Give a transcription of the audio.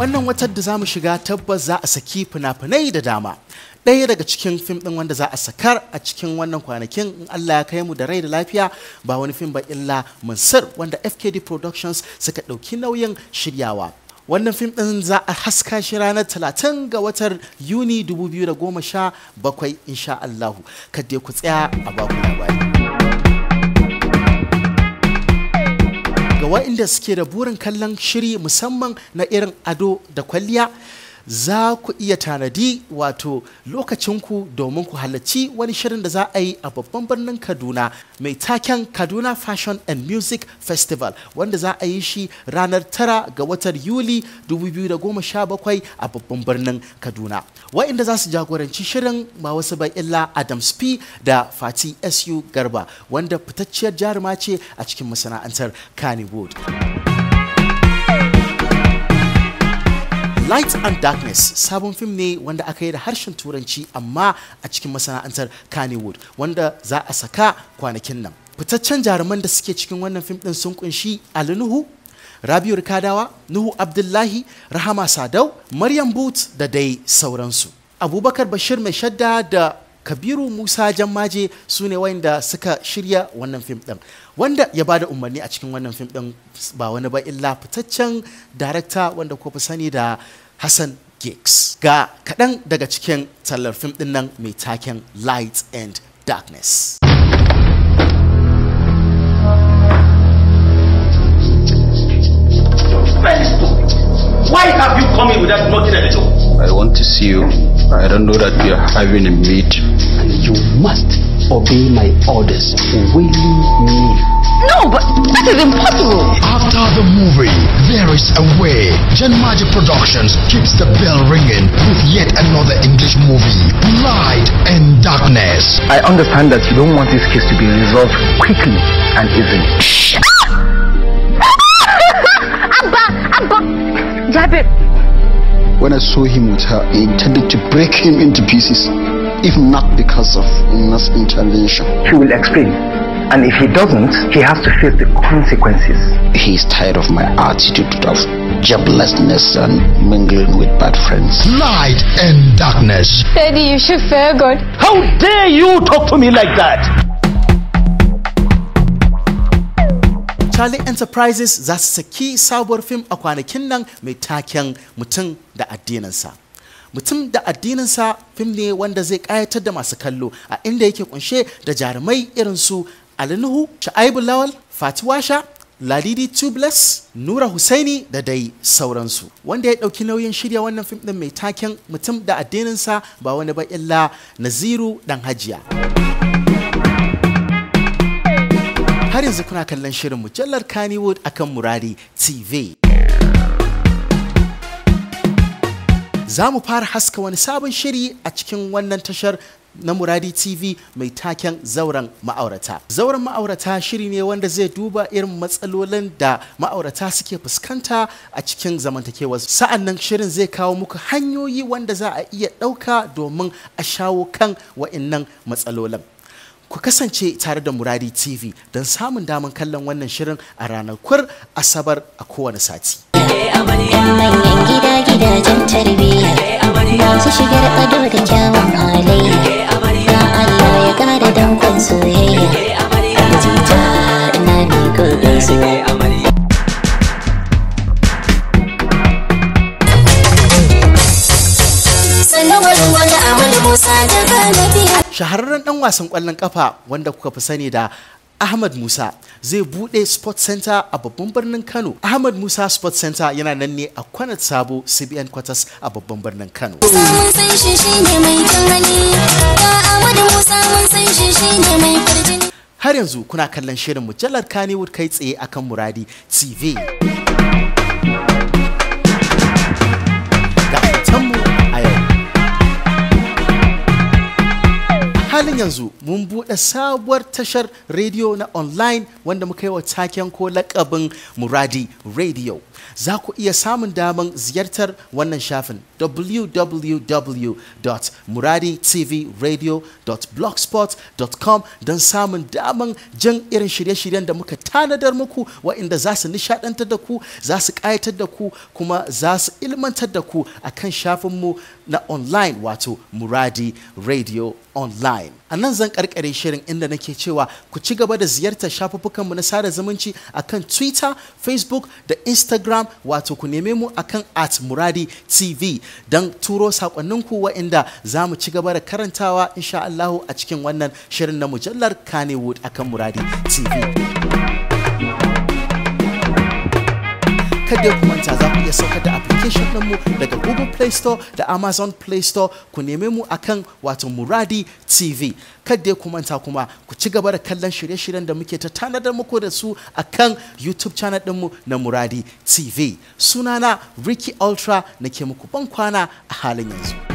wannan watar da za mu shiga tabbas za a saki fina-finai da dama ɗaya daga cikin fim ɗin wanda za a sakar a cikin wannan kwanakin in Allah ya kai mu da rai da lafiya ba wani fim ba illa Mansur wanda FKD Productions suka ɗauki nauyin shiryawa wannan fim ɗin za a haska shi ranar 30 ga watan Yuni 2017 insha Allahu kadde ku tsaya a baku labari wa'inda suke da burin kallon shiri musamman na irin ado da kwalliya za ku iya tanadi wato lokacinku domin ku halarci wani shirin da za a yi a babban birnin kaduna mai taken kaduna fashion and music festival wanda za a yi shi ranar tara ga watan yuli 2017 a babban birnin kaduna wa'inda za su jagoranci shirin ba wasu ba illa adams p da fati su garba wanda fitacciyar jaruma ce a cikin masana'antar kannywood light and darkness sabon fim ne wanda aka yi da harshen turanci amma a cikin masana'antar kannywood wanda za a saka kwanakin nan fitaccen jaruman da suke cikin wannan fim ɗin sun kunshi ali nuhu rabiu rikadawa nuhu abdullahi rahama sadau maryam boot da dai sauransu abubakar bashir mai shadda da kabiru musa jammaje su ne wanda suka shirya wannan fim ɗin, wanda ya bada umarni a cikin wannan fim din ba wani ba illa fitaccen darakta wanda ko fi sani da hassan Giggs. ga kaɗan daga cikin tallar fim din nan mai taken light and darkness Why have you come in without knocking at the door? I want to see you. I don't know that we are having a meet. And you must obey my orders willingly. No, but that is impossible. After the movie, There is a Way, Gen Magic Productions keeps the bell ringing with yet another English movie, Light and Darkness. I understand that you don't want this case to be resolved quickly and easily. Abba, Abba, Jabir, when I saw him with her, I intended to break him into pieces, if not because of Una's intervention. She will explain. And if he doesn't, he has to face the consequences. He is tired of my attitude of joblessness and mingling with bad friends. Light and darkness. Daddy, you should fear God. How dare you talk to me like that? Charlie Enterprises za su saki sabuwar fim a kwanakin nan mai taken mutum da addininsa. Mutum da addininsa fim ne wanda zai ƙayatar da masu kallo a inda yake kunshe da jarumai irin su Alinuhu, Sha'aibu Lawal, Fatiwasha, Ladidi Tubeless, Nura Hussaini da dai sauransu. Wanda ya ɗauki nauyin shirya wannan fim ɗin mai taken mutum da addininsa ba wani ba illa Naziru ɗan hajiya. har yanzu kuna kallon shirin mujallar Kannywood akan Murari TV. Za mu fara haska wani sabon shiri a cikin wannan tashar na Muradi TV mai taken zauren ma'aurata. Zauren ma'aurata shiri ne wanda zai duba irin matsalolin da ma'aurata suke fuskanta a cikin zamantakewarsu Sa'an nan shirin zai kawo muku hanyoyi wanda za a iya ɗauka domin a shawo kan wa'innan matsalolin. ku kasance tare da muradi tv don samun damar kallon wannan shirin a ranakun asabar a kowane sati gida gida gidajen tarbiyya masu shigar ado da shahararren dan wasan kwallon kafa wanda kuka fi sani da Ahmad Musa zai bude Sports Center a babban birnin Kano. Ahmad Musa Sports Center yana nan ne a Kwanat Sabo CBN Quarters a babban birnin Kano. Har yanzu kuna kallon shirin mujallar Kannywood kai tsaye akan Muradi TV. halin yanzu mun buɗe sabuwar tashar rediyo na online wanda muka yi wa taken ko lakabin muradi radio za ku iya samun daman ziyartar wannan shafin www.muraditvradio.blogspot.com don samun daman jan irin shirye-shiryen da muka tanadar muku wa'inda za su nishadantar da ku za su ƙayatar da ku kuma za su ilmantar da ku akan shafinmu na online wato Muradi Radio online. A nan zan karkare shirin inda nake cewa ku ci gaba da ziyartar shafuffukanmu na sada zumunci akan Twitter, Facebook da Instagram wato ku neme mu akan at Muradi TV don turo sakonninku wa'inda za mu ci gaba da karantawa insha a cikin wannan shirin na mujallar Kannywood akan Muradi TV. kada ku manta za ku iya sauka da application mu daga google play store da amazon play store ku neme mu akan wato muradi tv kada ku manta kuma ku ci gaba da kallon shirye-shiryen da muke ta tanadar muku da su akan youtube channel mu na muradi tv sunana ricky ultra nake muku ban kwana a halin yanzu